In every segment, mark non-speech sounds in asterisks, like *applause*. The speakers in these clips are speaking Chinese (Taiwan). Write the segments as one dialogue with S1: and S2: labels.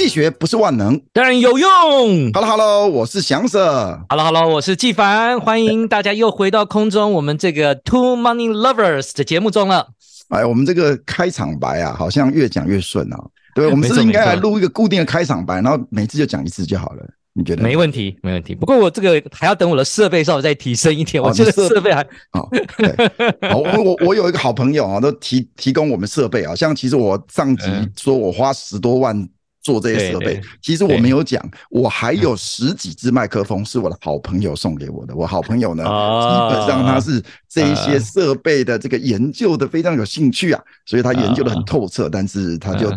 S1: 技學不是萬能，當然有用。Hello，Hello，hello, 我是翔 Sir。Hello，Hello，hello,
S2: 我是紀凡。歡迎大家又回到空中，我們這個 Two Money Lovers 的節目中了。
S1: 哎，我們這個開場白啊，好像越講越順啊、喔。對，我們是，是應該來錄一個固定的開場白，然後每次就講一次就好了。你覺得？沒
S2: 問題，沒問題。不過我這個還要等我的設備稍微再提升一點，哦、我這個設備還、哦……
S1: 好我我我有一個好朋友啊、喔，都提提供我們設備啊、喔。像其實我上集說我花十多萬。做這些設備，其實我沒有講，我還有十幾支麥克風是我的好朋友送給我的。我好朋友呢，基本上他是這一些設備的這個研究的非常有興趣啊，所以他研究的很透徹，但是他就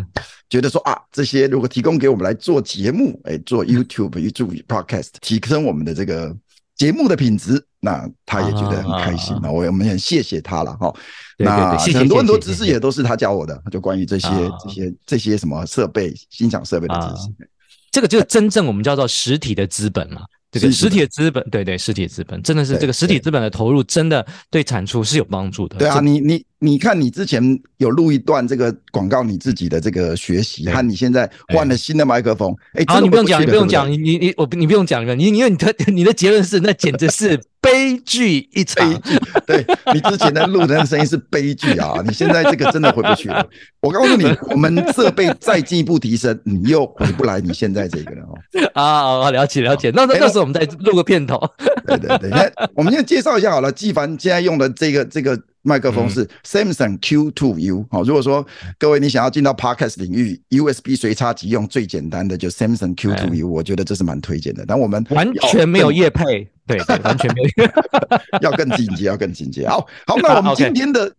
S1: 覺得說啊，這些如果提供給我們來做節目，哎，做 YouTube、YouTube、Podcast，提升我們的這個。節目的品質，那他也覺得很開心、哦、啊,啊,啊,啊！我我們也很謝謝他了哈。對對對那很多很多知識也都是他教我的，謝謝就關於這些啊啊啊這些這些什麼設備、音響設備的知識。啊啊啊、
S2: 這個就是真正我們叫做實體的資本了。這個實體資本，本對對，對，實體資本對真的是這個實體資本的投入，真的對產出是有幫助的。對啊，這你你
S1: 你看，你之前有錄一段這個廣告，你自己的這個學習，和你現在換了新的麥克風，哎，啊，你不用講，你不用講，
S2: 你你我你不用講了，你你因為你你的
S1: 結論是，那簡直是。 *laughs* 悲劇一場一句。對，你之前的錄的那個聲音是悲劇啊！ *laughs* 你現在這個真的回不去了。我告訴你，我們設備再進一步提升，你又回不來你現在這個了、哦 *laughs* 啊啊。啊，了解了解。那那到時候我們再錄個片頭，欸。對對對，我們先介紹一下好了，紀凡現在用的這個這個。麥克風是 Samson Q2U。好，如果說各位你想要進到 Podcast 領域，USB 隨插即用，最簡單的就是 Samson Q2U，我覺得這是蠻推薦的。但我們完全沒有業配， *laughs* 對,對，完全沒有 *laughs* *laughs* 要，要更進階，要更進階。好好，那我們今天的、啊。Okay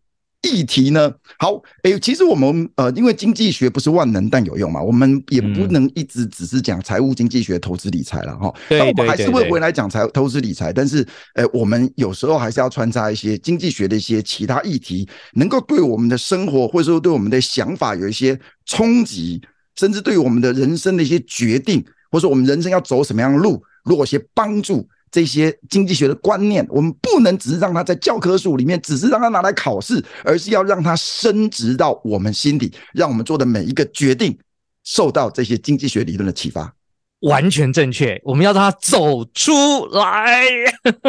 S1: 議題呢？好，哎、欸，其實我們呃，因為經濟學不是萬能，但有用嘛。我們也不能一直只是講財務經濟學投資理財啦、投資理財了哈。那我們還是會回來講財投資理財，但是，呃、欸，我們有時候還是要穿插一些經濟學的一些其他議題，能夠對我們的生活或者說對我們的想法有一些衝擊，甚至對於我們的人生的一些決定，或者我們人生要走什麼樣的路，如果一些幫助。這些經濟學的觀念，我們不能只是讓它在教科書裡面，只是讓它拿來考試，而是要讓它升值到我們心底，讓我們做的每一個決定受到這些經濟學理論的啟發。
S2: 完全正確，我們要讓它走出來，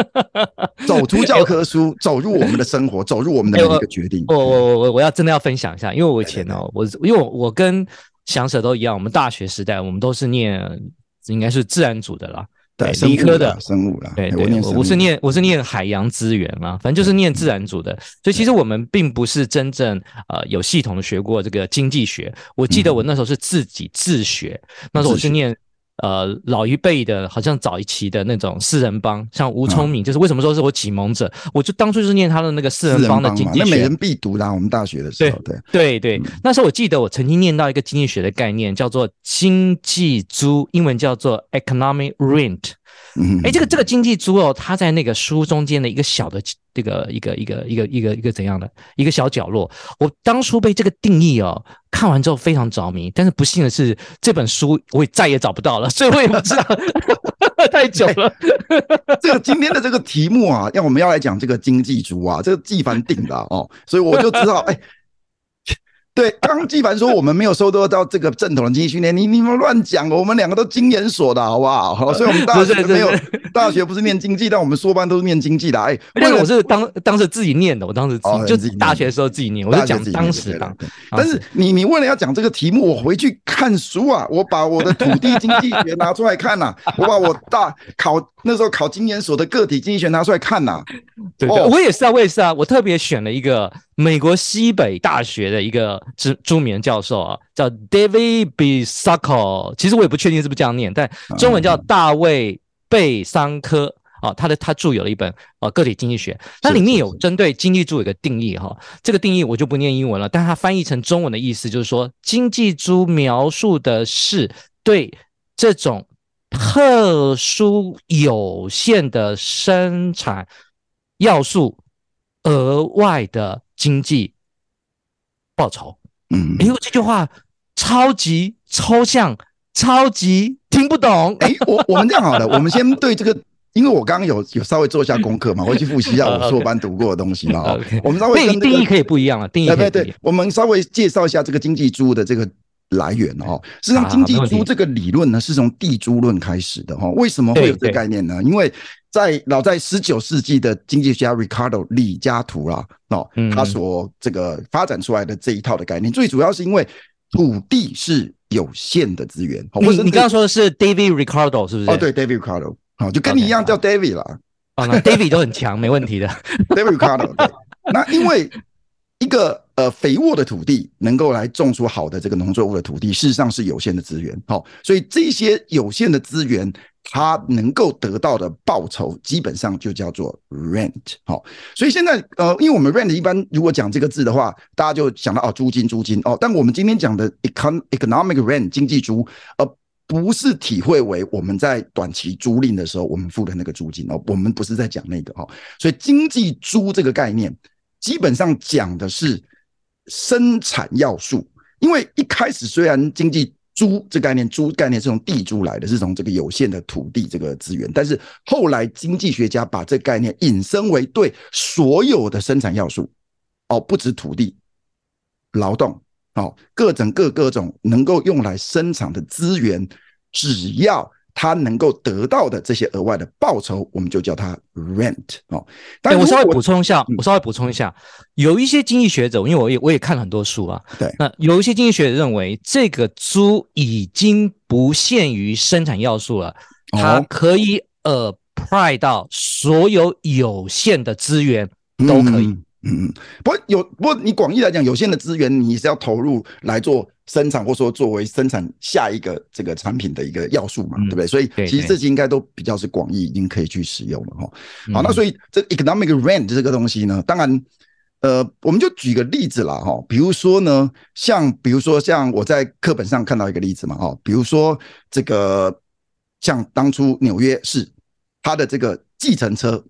S1: *laughs* 走出教科書，欸、我走入我們的生活，走入我們的每一個決定。欸、
S2: 我我我我要真的要分享一下，因為我以前哦，對對對我因為我，我跟翔 Sir 都一樣，我們大學時代，我們都是念應該是自然組的啦。理科的，對的生
S1: 物了，對對，我，念我是念
S2: 我是念海洋資源啊，反正就是念自然組的。對所以其實我們並不是真正呃有系統的學過這個經濟學。我記得我那時候是自己自學，嗯、哼那時候我是念。呃，老一輩的，好像早一期的那種四人幫，像吳聰敏，哦、就是為什麼說是我啟蒙者？我就當初就是念他的那個四人幫的經濟學，人那每人
S1: 必讀啊，我們大學的時候。對
S2: 對對，對、嗯、那時候我記得我曾經念到一個經濟學的概念，叫做經濟租，英文叫做 economic rent。
S1: 嗯，
S2: 哎、欸，這個這個經濟租哦，他在那個書中間的一個小的。這個一個一個一個一個一個怎樣的一個小角落，我當初被這個定義哦看完之後非常着迷，但是不幸的是
S1: 這本書我也再也找不到了，所以我也不知道 *laughs* *laughs* 太久了、 *laughs* 哎。這個今天的這個題目啊，要我們要來講這個經濟租啊，這個紀凡定的哦、啊，所以我就知道哎。 *laughs* 對，剛紀凡說我們沒有收到到這個正統的經濟訓練，你你們亂講，我們兩個都經研所的好不好？好，所以我們大學沒有大學不是念經濟，但我們說班都是念經濟的。哎，因為我是當當時自己念的，我當時就大
S2: 學時候自己念，我就講當時的。但是
S1: 你你問了要講這個題目，我回去看書啊，我把我的土地經濟學拿出來看啊，我把我大考那時候考經研所的個體經濟學拿出來看啊。對不對？我我也
S2: 是啊，我也是啊，我特別選了一個。美國西北大學的一個著著名教授啊，叫 David Besanko 其實我也不確定是不是這樣念，但中文叫大衛貝桑科啊、嗯嗯哦。他的他著有了一本啊、哦《個體經濟學》是，它裡面有針對經濟租有一個定義哈、哦。這個定義我就不念英文了，但它翻譯成中文的意思就是說，經濟租描述的是對這種特殊有限的生產要素額外的經濟報酬，嗯，因為這句話超級抽
S1: 象，超級聽不懂。哎，我我們這樣好了， *laughs* 我們先對這個，因為我剛剛有有稍微做一下功課嘛，回去複習一下我碩班讀過的東西嘛。哦， *laughs* 我們稍微、那個、定義可以不一樣了，定義可不對，不對，對，我們稍微介紹一下這個經濟租的這個。來源哦，實際上，經濟租這個理論呢，啊、是從地租論開始的哈、哦。為什麼會有這個概念呢？因為在老在十九世紀的經濟學家 Ricardo 李嘉圖啦，哦，他所這個發展出來的這一套的概念，嗯嗯最主要是因為土地是有限的資源。是你你剛剛說的是 David Ricardo 是不是？哦對，對，David Ricardo 好，就跟你一樣叫 David 啦。Okay, okay. *laughs* 哦那，David 都很強，沒問題的。 *laughs* David Ricardo，對。那因為。一個呃肥沃的土地，能夠來種出好的這個農作物的土地，事實上是有限的資源。好、哦，所以這些有限的資源，它能夠得到的報酬，基本上就叫做 rent、哦。好，所以現在呃，因為我們 rent 一般如果講這個字的話，大家就想到啊、哦、租金，租金哦。但我們今天講的 econ economic rent 經濟租，呃，不是體會為我們在短期租賃的時候我們付的那個租金哦，我們不是在講那個哦。所以經濟租這個概念。基本上講的是生產要素，因為一開始雖然經濟“租”這概念，“租”概念是從地租來的，是從這個有限的土地這個資源，但是後來經濟學家把這概念引申為對所有的生產要素，哦，不止土地、勞動，哦，各種各各種能夠用來生產的資源，只要他能夠得到的這些額外的報酬，我們就叫它 rent 哦。但我，我稍微補充一下，嗯、我稍微補充一下，有一些
S2: 經濟學者，因為我也我也看了很多書啊。對，那有一些經濟學者認為，這個租已經不限於生產要素了，它可以 apply 到
S1: 所有有限的資源都可以。哦嗯。嗯嗯，不過有不過你廣義來講，有限的資源你是要投入來做生產，或者說作為生產下一個這個產品的一個要素嘛，嗯、對不對？所以其實這些應該都比較是廣義，已經可以去使用了哈、哦。好，那所以這 economic rent 這個東西呢，當然呃，我們就舉個例子啦哈、哦，比如說呢，像比如說像我在課本上看到一個例子嘛哈、哦，比如說這個像當初紐約市它的這個計程車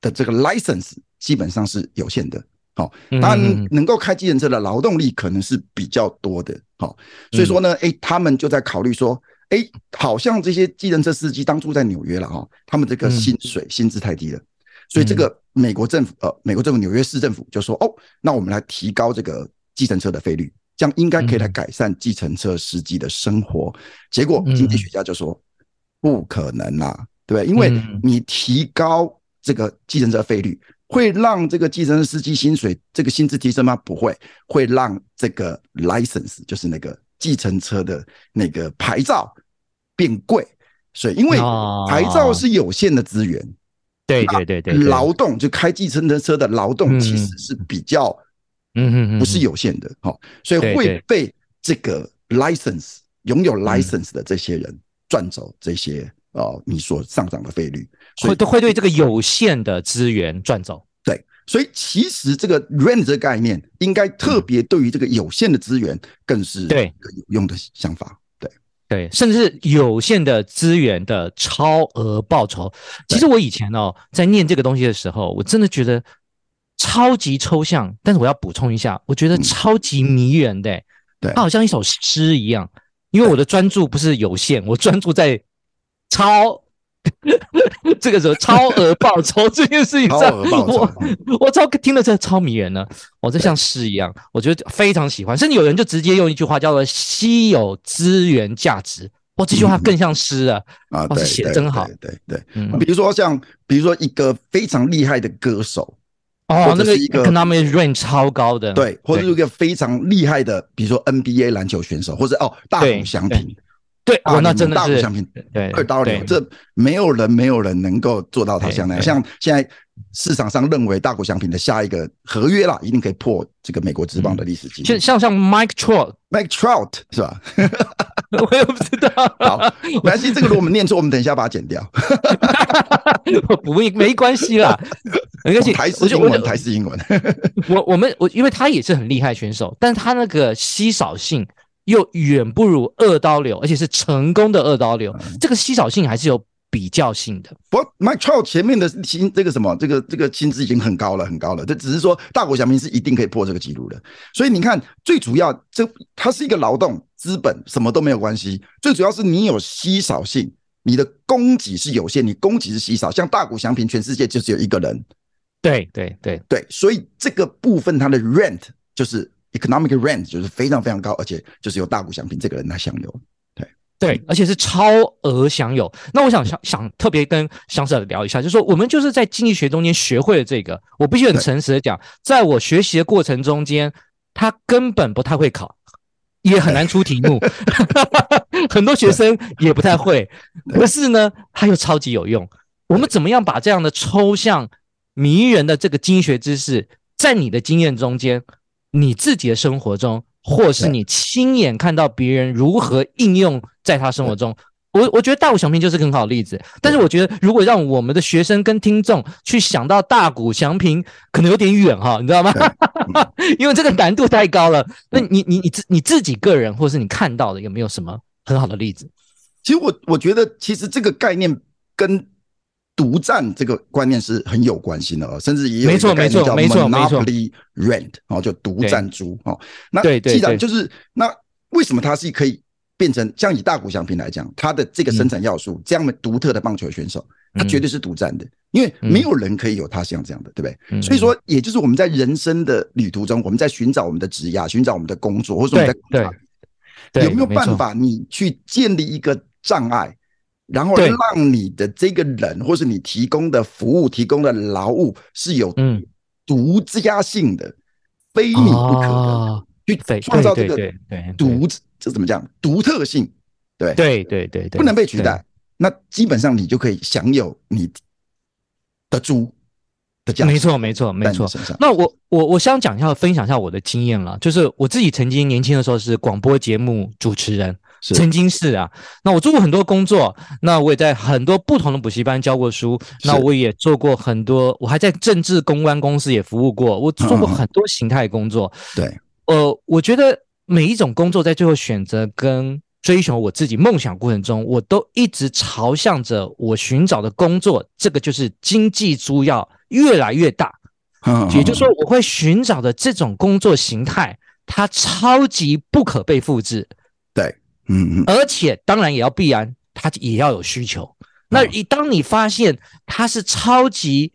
S1: 的這個 license。基本上是有限的，好，當然能夠開計程車的勞動力可能是比較多的，好，所以說呢，誒，他們就在考慮說，誒，好像這些計程車司機當初在紐約了哈，他們這個薪水薪資太低了，所以這個美國政府，呃，美國政府紐約市政府就說，哦，那我們來提高這個計程車的費率，這樣應該可以來改善計程車司機的生活。結果經濟學家就說，不可能啦、啊，對不對？因為你提高這個計程車費率。會讓這個計程車司機薪水這個薪資提升嗎？不會，會讓這個 license 就是那個計程車的那個牌照變貴，所以因為牌照是有限的資源。
S2: 對對對對，勞
S1: 動就開計程車的勞動其實是比較嗯嗯，不是有限的，好，所以會被這個 license 擁有 license 的這些人賺走這些。哦，你所上漲的費率會會對這個有限的資源賺走，對，所以其實這個 rent 這個概念，應該特別對於這個有限的資源，更是對有用的想法，對對，對 甚至是有限的資源的超額報酬。對 對 其實我以
S2: 前哦，在念這個東西的時候，我真的覺得超級抽象，但是我要補充一下，我覺得超級迷人的欸，對，它好像一首詩一樣，因為我的專注不是有限，我專注在。超 *laughs* 這個時候超額報酬這件事情， *laughs* 超我我超聽了這個超迷人呢、啊，我、哦、這像詩一樣，對 我覺得非常喜歡。甚至有人就直接用一句話叫做“稀有資源價值”，哇，這句話更像詩啊！啊、嗯，寫的真好，啊、對，對，
S1: 對，對對。嗯、比如說像，比如說一個非常厲害的歌手，哦，那個
S2: economic rent 超高的，對，或者一
S1: 個非常厲害的，比如說 NBA 籃球選手，或者哦，大谷翔平。對對對對啊，那真的是、啊、大谷翔平，對，二刀流，這沒有人，沒有人能夠做到。他現在像現在市場上認為大谷翔平的下一個合約啦，一定可以破這個美國職棒的歷史紀錄，嗯。像
S2: 像像 Mike Trout，Mike Trout 是吧？ *laughs*
S1: 我也不知道。好，沒關係，這個如果我們念錯，我們等一下把它剪掉。 *laughs* 不，沒關係啦，
S2: 沒關係。台式英文，台式
S1: 英文。 *laughs* 我我
S2: 們我，因為他也是很厲害選手，但他那個稀少性。又遠不如二刀流，
S1: 而且是成功的二刀流。嗯、這個稀少性還是有比較性的。不 Mike Trout 前面的薪，這個什麼，這個這個薪資已經很高了，很高了。這只是說大谷翔平是一定可以破這個紀錄的。所以你看，最主要這它是一個勞動資本什麼都沒有關係，最主要是你有稀少性，你的供給是有限，你供給是稀少。像大谷翔平，全世界就只有一個人。對對對對，所以這個部分它的 rent 就是。Economic rent 就是非常非常高，而且就是有大股想憑這個人來享有，對
S2: 對，而且是超額享有。那我想想想特別跟翔師聊一下，就是說我們就是在經濟學中間學會了這個，我必須很誠實地講，對在我學習的過程中間，他根本不太會考，也很難出題目，對 *laughs* *laughs* 很多學生也不太會。可對是呢，他又超級有用。對我們怎麼樣把這樣的抽象迷人的這個經濟學知識，在你的經驗中間？你自己的生活中，或是你親眼看到別人如何應用在他生活中，對我我覺得大谷翔平就是很好的例子。對但是我覺得，如果讓我們的學生跟聽眾去想到大谷翔平，可能有點遠哈，你知道嗎？對 *laughs* 因為這個難度太高了。對那你你你自你自己個人，或是你看到的，有沒有什麼很
S1: 好的例子？其實我我覺得，其實這個概念跟。獨佔這個觀念是很有關係的哦，甚至也有概念叫 Monopoly Rent 哦、喔，就獨佔租哦。那既然就是對對對，就是、那，為什麼它是可以變成像以大谷翔平來講，它的這個生產要素，嗯、這樣的獨特的棒球選手，它絕對是獨佔的，嗯、因為沒有人可以有他像這樣的，嗯、對不對？所以說，也就是我們在人生的旅途中，我們在尋找我們的職業，尋找我們的工作，或者說我們在對，對有沒有辦法你去建立一個障礙？然後讓你的這個人，或是你提供的服務、提供的勞務是有嗯獨家性的，非你不可的，去創造這個對對獨這怎麼講獨特性？對對對對不能被取代。那基本上你就可以享有你的租的價，沒錯沒錯沒錯。那
S2: 我我我想講一下，分享一下我的經驗了，就是我自己曾經年輕的時候是廣播節目主持人。曾經是，是啊，那我做過很多工作，那我也在很多不同的補習班教過書，是那我也做過很多，我還在政治公關公司也服務過，我做過很多形態工作。嗯嗯對，呃，我覺得每一種工作在最後選擇跟追求我自己夢想過程中，我都一直朝向着我尋找的工作，這個就是經濟租要越來越大。嗯，嗯，嗯，
S1: 也就是說，
S2: 我會尋找的這種工作形態，它超級不可被複製。嗯嗯，而且當然也要必然，它也要有需求。那你當你發現它是超級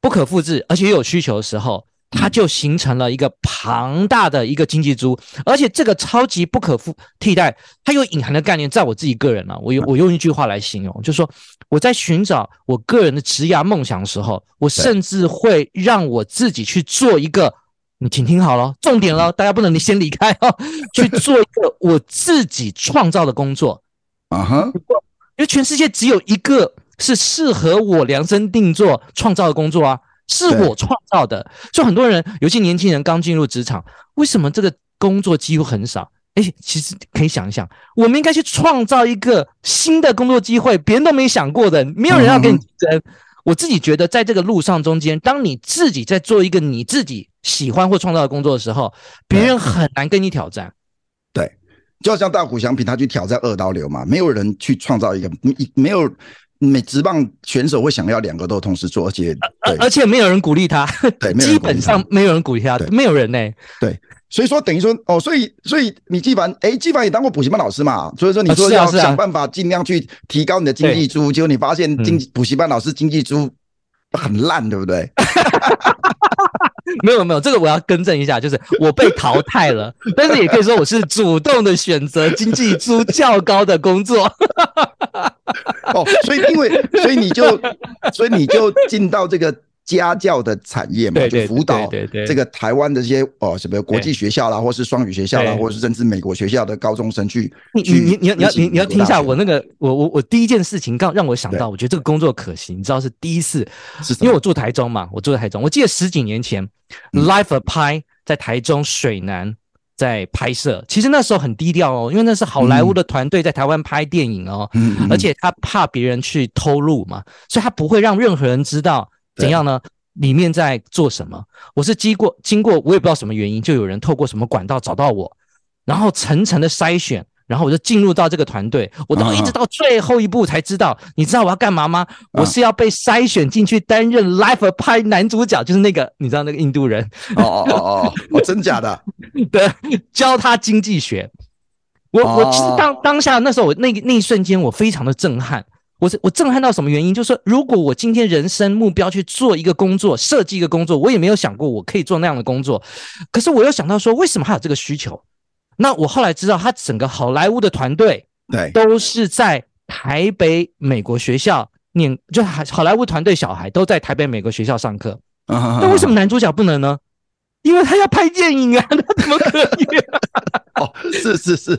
S2: 不可複製，而且有需求的時候，它就形成了一個龐大的一個經濟租。而且這個超級不可複替代，它有隱含的概念，在我自己個人呢、啊，我我用一句話來形容，就是說我在尋找我個人的職涯夢想的時候，我甚至會讓我自己去做一個。你請聽，聽好了，重點了，大家不能你先離開哦，去做一個我自己創造的工作。啊哈、uh，huh. 因為全世界只有一個是適合我量身定做創造的工作啊，是我創造的。Uh huh. 所以很多人，尤其年輕人剛進入職場，為什麼這個工作機會很少？哎、欸，其實可以想一想，我們應該去創造一個新的工作機會，別人都沒想過的，沒有人要跟你爭。Uh huh. 我自己覺得，在這個路上中間，當你自己在做一個你自己喜歡或創造的工作的時候，別人很難跟你挑戰。嗯、
S1: 對，就像大谷翔平他去挑戰二刀流嘛，沒有人去創造一個，沒沒有，每職棒選手會想要兩個都同時做，而且而、呃、而且沒有人鼓勵他，勵他 *laughs* 基本上沒有人鼓勵他，對沒有人呢、欸。對。所以說等於說哦，所以所以你紀凡哎，紀、欸、凡也當過補習班老師嘛，所以說你說要想辦法盡量去提高你的經濟租，結果、哦啊啊、你發現經補習班老師經濟租很爛，嗯、對不對？ *laughs* 沒有沒有，這個我要更正
S2: 一下，就是我被淘汰了， *laughs* 但是也可以說我是主動的選擇經濟租較
S1: 高的工作。 *laughs* 哦，所以因為所以你就所以你就進到這個。家教的產業嘛，就輔導這個台灣的一些哦、呃，什麼國際學校啦，欸、或是雙語學校啦，欸、或者是甚至美國學校的高中生去。你去你你你要你要你你要聽一下我
S2: 那個我我我第一件事情剛讓我想到，對我覺得這個工作可行，你知道是第一次，是什麼因為我住台中嘛，我住在台中。我記得十幾年前、嗯、，Life of Pi 在台中水湳在拍攝，其實那時候很低調哦，因為那是好萊塢的團隊在台灣拍電影哦，嗯、嗯嗯嗯而且他怕別人去偷錄嘛，所以他不會讓任何人知道。怎樣呢？對 裡面在做什麼？我是經過經過，我也不知道什麼原因，就有人透過什麼管道找到我，然後層層的篩選，然後我就進入到這個團隊。我到一直到最後一步才知道，啊、你知道我要幹嘛嗎？我是要被篩選進去擔任 Life of Pi 男主角，啊、就是那個你知道那個印度人哦，哦哦哦，哦真假的？對， *laughs* 教他經濟學。我我其實當當下那時候我，我那那一瞬間，我非常的震撼。我是我震撼到什麼原因？就是說，如果我今天人生目標去做一個工作，設計一個工作，我也沒有想過我可以做那樣的工作。可是我又想到說，為什麼他有這個需求？那我後來知道，他整個好萊塢的團隊，對，都是在台北美國學校念，對就好好萊塢團隊小孩都在台北美國學校上課。Uh huh. 那為什麼男主角不能呢？因為他要拍電
S1: 影啊，那怎麼可以啊？ *laughs* 哦，是是是，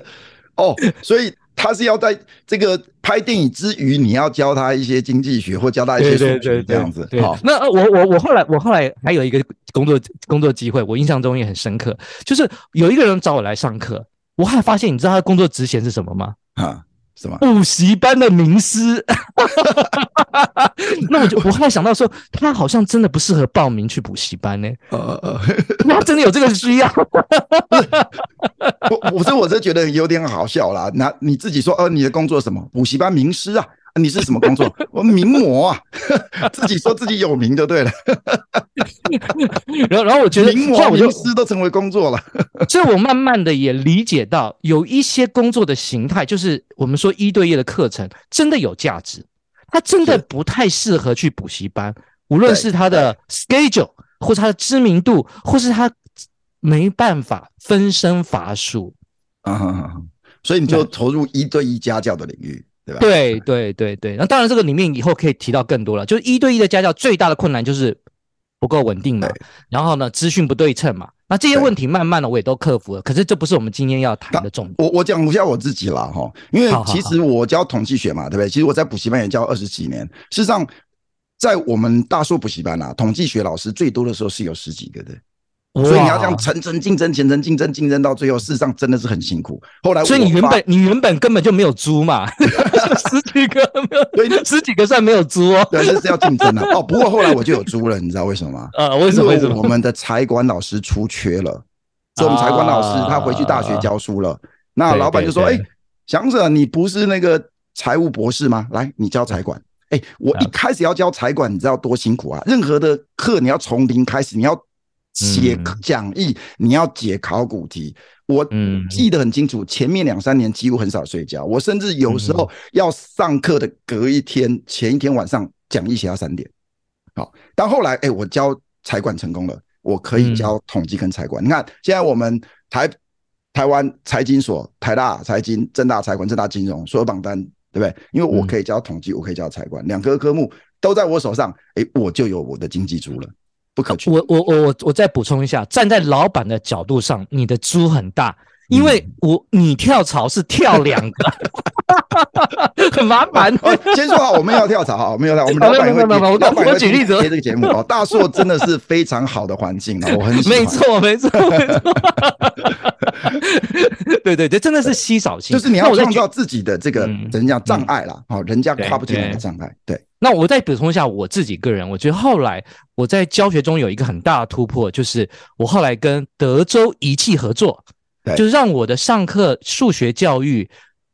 S1: 哦，oh, 所以。他是要在這個拍電影之餘，你要教他一些經濟學，或教他一些數學這樣子。好，
S2: 那我我我後來我後來還有一個工作工作機會，我印象中也很深刻，就是有一個人找我來上課，我還發現，你知道他的工作職銜是什麼嗎？啊、嗯。什麼補習班的名師？ *laughs* *laughs* 那我就我後來想到說，他好像真的不適合報名去補習班呢、欸。 *laughs*
S1: 那他真的有這個需要？我這我是我是覺得有點好笑啦。那你自己說，呃你的工作什麼？補習班名師啊。啊、你是什麼工作？我名模啊， *laughs* *laughs* 自己說自己有名就對了。 *laughs* *laughs* 然後，然後我覺得名模、名師都成為工作了。
S2: 所以我慢慢的也理解到，有一些工作的形態，就是我們說一對一的課程真的有價值，他真的不太適合去補習班，無論是他的 schedule 或是他的知名度，或是他沒辦法分身乏術。啊，所以你就
S1: 投入一對一家教的領域。
S2: 對吧？對對對對，那當然這個裡面以後可以提到更多了，就是一對一的家教最大的困難就是不夠穩定嘛，對然後呢，資訊不對稱嘛。那這些問題慢慢的我也都克服了。可是這不是我們今天要談的重
S1: 點。我我講一下我，我自己啦，哈、哦，因為其實我教統計學嘛，好好好對不對？其實我在補習班也教二十幾年。事實上，在我們大數補習班吶、啊，統計學老師最多的時候是有十幾個的。所以你要這樣層層競爭、層層競爭、競爭，爭，爭，爭到最後，事實上真的是很辛苦。後來，所以你原本你原本根本就沒有租嘛， *laughs* *laughs* 十幾個對你十幾個算沒有租哦、喔。對，這、就是要競爭的哦。不過後來我就有租了，你知道為什麼嗎？啊，為什麼？為什麼？我們的財管老師出缺了，所以我們財管老師他回去大學教書了。啊、那老闆就說：“哎、欸，翔仔，你不是那個財務博士嗎？來，你教財管。哎、欸，我一開始要教財管，你知道多辛苦啊！任何的課你要從零開始，你要。”寫講義，嗯、你要解考古題，我記得很清楚，前面兩三年幾乎很少睡覺，我甚至有時候要上課的隔一天，前一天晚上講義寫到三點。好，但後來，哎、欸，我教財管成功了，我可以教統計跟財管。嗯、你看，現在我們台台灣財經所、台大財經、政大財管、政大金融，所有榜單，對不對？因為我可以教統計，我可以教財管，兩科科目都在我手上，哎、欸，我就有我的經濟租了。不可取、啊、我我我我
S2: 我再補充一下，站在老闆的角度上，你的租很大。因為我你跳槽是跳兩個，
S1: *laughs* *laughs* 很麻煩煩。先說好，我們要跳槽啊，我們要來，我們來。沒有我舉例子接這個節目啊、喔，大碩真的是非常好的環境啊，我很喜歡。沒錯沒錯。 *laughs* *laughs* 對對對，真的是稀少性，就是你要創造自己的這個，怎樣障礙啦？好，人家跨、嗯、不起來的障礙。對，對。對 那我再補充一下，我自己
S2: 個人，我覺得後來我在教學中有一個很大的突破，就是我後來跟德州儀器合作。對就是讓我的上課數學教育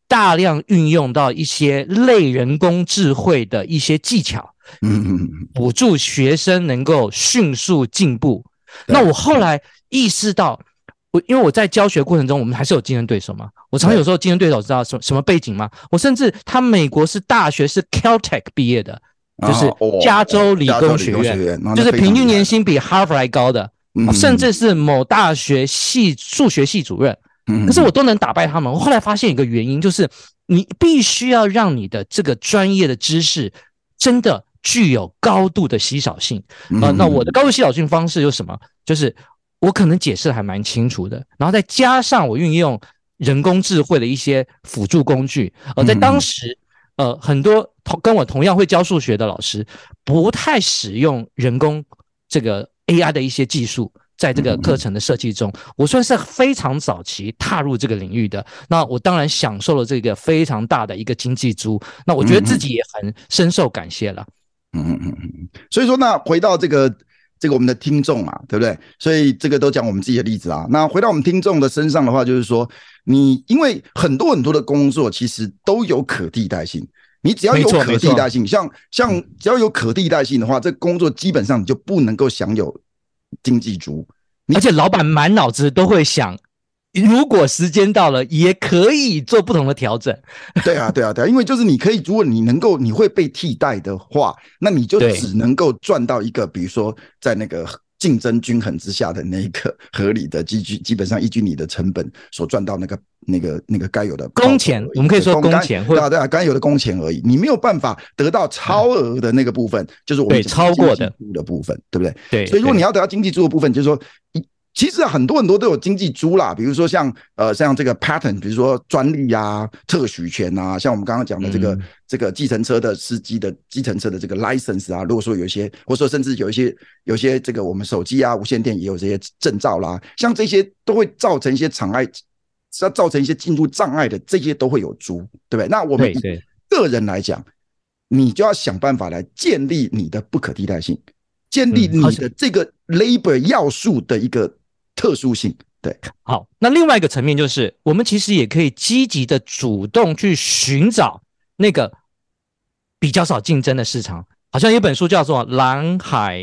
S2: 大量運用到一些類人工智慧的一些技巧，嗯
S1: 嗯
S2: 嗯，輔助學生能夠迅速進步。對那我後來意識到，對我因為我在教學過程中，我們還是有競爭對手嘛。對我常常有時候競爭對手知道什麼對什麼背景嗎？我甚至他美國是大學是 Caltech 畢業的，啊、就是加州理工學院，就是平均年薪比 Harvard 還高的。甚至是某大學系數學系主任，嗯、哼可是我都能打敗他們。我後來發現一個原因，就是你必須要讓你的這個專業的知識真的具有高度的稀少性。啊、嗯哼呃，那我的高度稀少性方式有什麼？就是我可能解釋還蠻清楚的，然後再加上我運用人工智慧的一些輔助工具。而、呃、在當時，呃，很多同跟我同樣會教數學的老師不太使用人工這個。AI 的一些技術，在這個課程的設計中，我算是非常早期踏入這個領域的。那我當然享受了這個非
S1: 常大的一個經濟租，那我覺得自己也很深受感謝了嗯。嗯嗯嗯嗯。所以說，那回到這個這個我們的聽眾啊，對不對？所以這個都講我們自己的例子啊。那回到我們聽眾的身上的話，就是說。你因為很多很多的工作其實都有可替代性，你只要有可替代性，像、像只要有可替代性的話，這工作基本上就不能夠享有經濟租，而且老闆滿腦子都會想，如果時間到了也可以做不同的調整。對啊，對啊，對啊，因為就是你可以，如果你能夠你會被替代的話，那你就只能夠賺到一個，比如說在那個。競爭均衡之下的那一個合理的基基，基本上依據你的成本所賺到那個那個那個該有的工錢，工錢工我們可以說工錢，或者啊對啊，該有的工錢而已。你沒有辦法得到超額的那個部分，啊、就是我們超過的部分，對，的對不對？對，對。所以如果你要得到經濟租的部分，就是說。其實很多很多都有經濟租啦，比如說像呃，像這個 patent，比如說專利呀、啊、特許權啊，像我們剛剛講的這個、嗯、這個計程車的司機的計程車的這個 license 啊，如果說有些，或者說甚至有一些有些這個我們手機啊、無線電也有這些證照啦，像這些都會造成一些障礙，造成一些進入障礙的，這些都會有租，對不對？那我們個人來講，對對你就要想辦法來建立你的不可替代性，建立你的這個 labor 要素的一個。特殊性，對
S2: 好，那另外一個層面就是，我們其實也可以積極的主動去尋找那個比較少競爭的市場。好像有本書叫做《藍海》，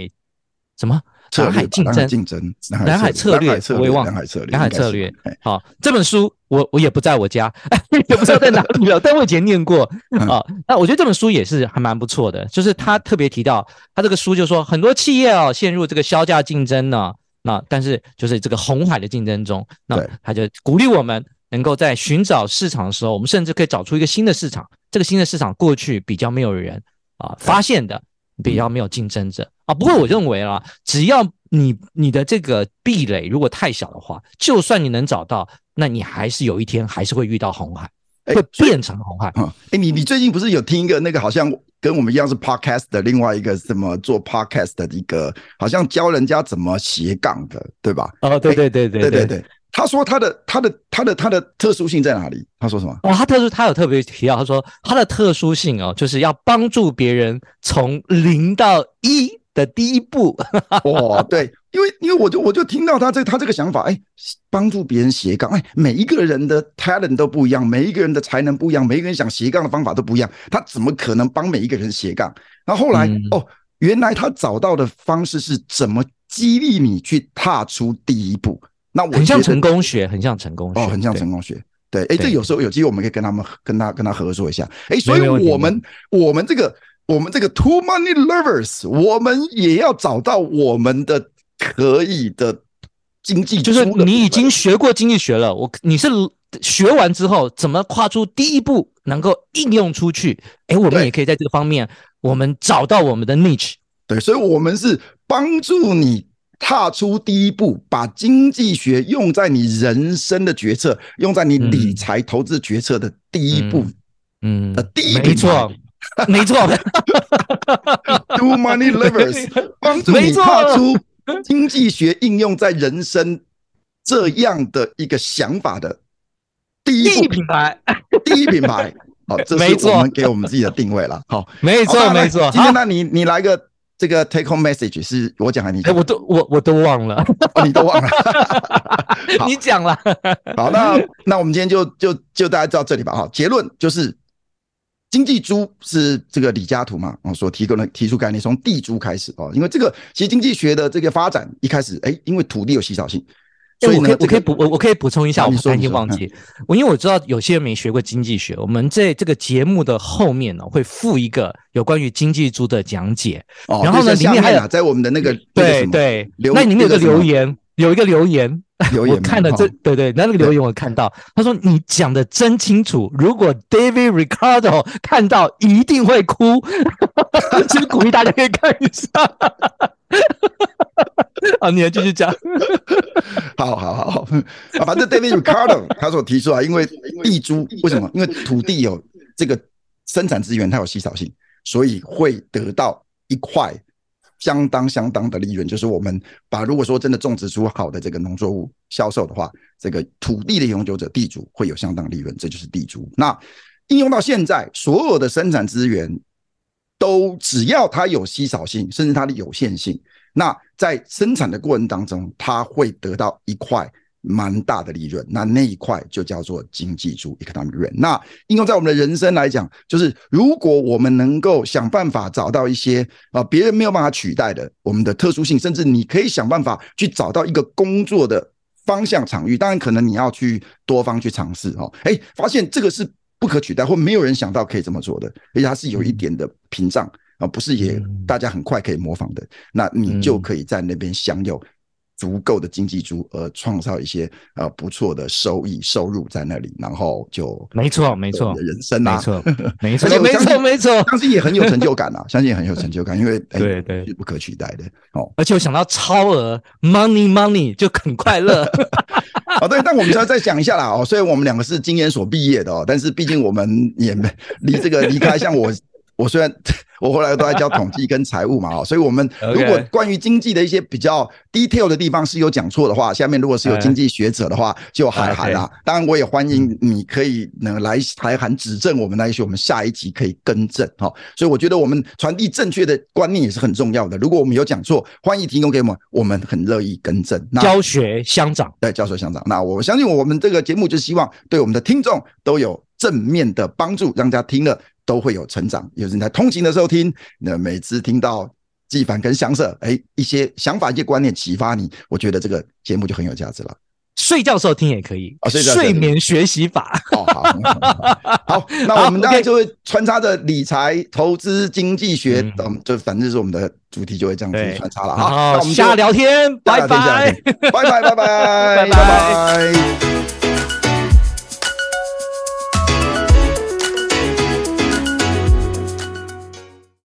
S2: 什麼？略藍海競爭？競
S1: 爭？藍海策略？我也忘了。藍海策略。藍海策略。
S2: 哎、好，這本書我我也不在我家， *laughs* 也不知道在哪裡了 *laughs* 但我以前念過、嗯、啊。那我覺得這本書也是還蠻不錯的，就是他特別提到，他這個書就是說很多企業哦陷入這個削價競爭呢、哦。那但是就是這個紅海的競爭中，那他就鼓勵我們能夠在尋找市場的時候，我們甚至可以找出一個新的市場。這個新的市場過去比較沒有人啊發現的，比較沒有競爭者啊。不過我認為啊，只要你你的這個壁壘如果太小的話，就算你能找到，那你還是有一天還是會遇到紅海，會變成
S1: 紅海啊。哎，你你最近不是有聽一個那個好像？跟我們一樣是 podcast 的，另外一個怎麼做 podcast 的一個，好像教人家怎麼斜槓的，對吧？哦、oh, 欸，對對對對對對對。他說他的他的他的他的特殊性在哪裡？他說什麼？
S2: 哦，他特殊，他有特別提到，他說他的特殊性哦，就是要幫助別人從零到一。
S1: 的第一步哇、 *laughs* 哦，對，因為因為我就我就聽到他這他這個想法，哎，幫助別人斜槓，哎，每一個人的 talent 都不一樣，每一個人的才能不一樣，每一個人想斜槓的方法都不一樣，他怎麼可能幫每一個人斜槓？那後來、嗯、哦，原來他找到的方式是怎麼激勵你去踏出第一步？那我很像成功學，很像成功哦，很像成功學。對，哎，這有時候有機會我們可以跟他們跟他跟他合作一下。哎，所以我們我們這個。我們這個 Two Money Lovers，我們也要找到我們的可以的經濟租。就是
S2: 你已經學過經濟學了，我你是學完之後怎麼跨出第一步，能夠應用出去？誒，我們也可以在這個方面，對我們找到我們的 niche。
S1: 對，所以，我們是幫助你踏出第一步，把經濟學用在你人生的決策，用在你理財、投資決策的第一步。嗯，呃，第一步。沒錯。沒錯，Do money livers 幫助你畫出經濟學應用在人生這樣的一個想法的第一品牌，第一品牌，好，這是我們給我們自己的定位了，好，沒錯沒錯。今天那你你來個這個 take home message，是我講還是你講？我都我我都忘了，你都忘
S2: 了，你講了。
S1: 好，那那我們今天就就就大家到這裡吧，哈，結論就是。經濟租是這個李嘉圖嘛，所提供的提出概念，從地租開始哦，因為這個其實經濟學的這個發展一開始哎，因為土地有稀少性，所以我可以我可以補我我可以補充一下，我擔心忘記，我因為我知道有些人沒學過經濟學，我們在
S2: 這個節目的後面呢會附一個有關於經濟租的講解，哦，然後呢，裡面還有在
S1: 我們的那個對對，那裡面有個留言。
S2: 有一個留言，留言我看了這，這、哦、對，對對，那那個留言我看到，對他說你講得真清楚，如果 David Ricardo 看到一定會哭， *laughs* 其實鼓勵大家可以看一
S1: 下，啊， *laughs* *laughs* 你要繼續講， *laughs* 好好好，反正 David Ricardo 他所提出來，因為地租 *laughs* 為什麼？因為土地有這個生產資源， *laughs* 它有稀少性，所以會得到一塊。相當相當的利潤，就是我們把如果說真的種植出好的這個農作物銷售的話，這個土地的永久者地主會有相當的利潤，這就是地主。那應用到現在，所有的生產資源都只要它有稀少性，甚至它的有限性，那在生產的過程當中，它會得到一塊蠻大的利潤，那那一塊就叫做經濟租 economic rent。那應用在我們的人生來講，就是如果我們能夠想辦法找到一些啊別、呃、人沒有辦法取代的我們的特殊性，甚至你可以想辦法去找到一個工作的方向場域。當然，可能你要去多方去嘗試哦，哎、欸，發現這個是不可取代或沒有人想到可以這麼做的，而且它是有一點的屏障啊、嗯呃，不是也大家很快可以模仿的。嗯、那你就可以在那邊享有。足夠的經濟租，而創造一些呃不錯的收益收入，在那裡，然後就
S2: 沒錯沒錯，人生啊沒錯沒錯
S1: 沒錯，相信也很有成就感啊，相信也很有成就感，因為對對，是不可取代的哦。
S2: 而且我想到超額 money money 就很快樂。
S1: 哦對，但我們需要再想一下啦哦。雖然我們兩個是金研所畢業的哦，但是畢竟我們也沒離這個離開，像我我雖然。我後來都在教統計跟財務嘛， *laughs* 所以我們如果關於經濟的一些比較 detail 的地方是有講錯的話，下面如果是有經濟學者的話就海涵啦。當然，我也歡迎你可以呢來海涵指正我們那些，我們下一集可以更正哈。所以我覺得我們傳遞正確的觀念也是很重要的。如果我們有講錯，歡迎提供給我們，我們很樂意更正。教學相長，對，教學相長。那我相信我們這個節目就希望對我們的聽眾都有正面的幫助，讓大家聽了，都會有成長。有人在通勤的時候聽，那每次聽到紀凡跟翔 sir，哎，一些想法、一些觀念啟發你，我覺得這個節目就很有價值了。
S2: 睡覺時候聽也可以，睡眠學習法。
S1: 好，好，那我們大家就會穿插着理財、投資、經濟學等，就反正是我們的主題就會這樣去穿插了。好，我們下聊天，拜拜，拜拜，拜拜，拜拜。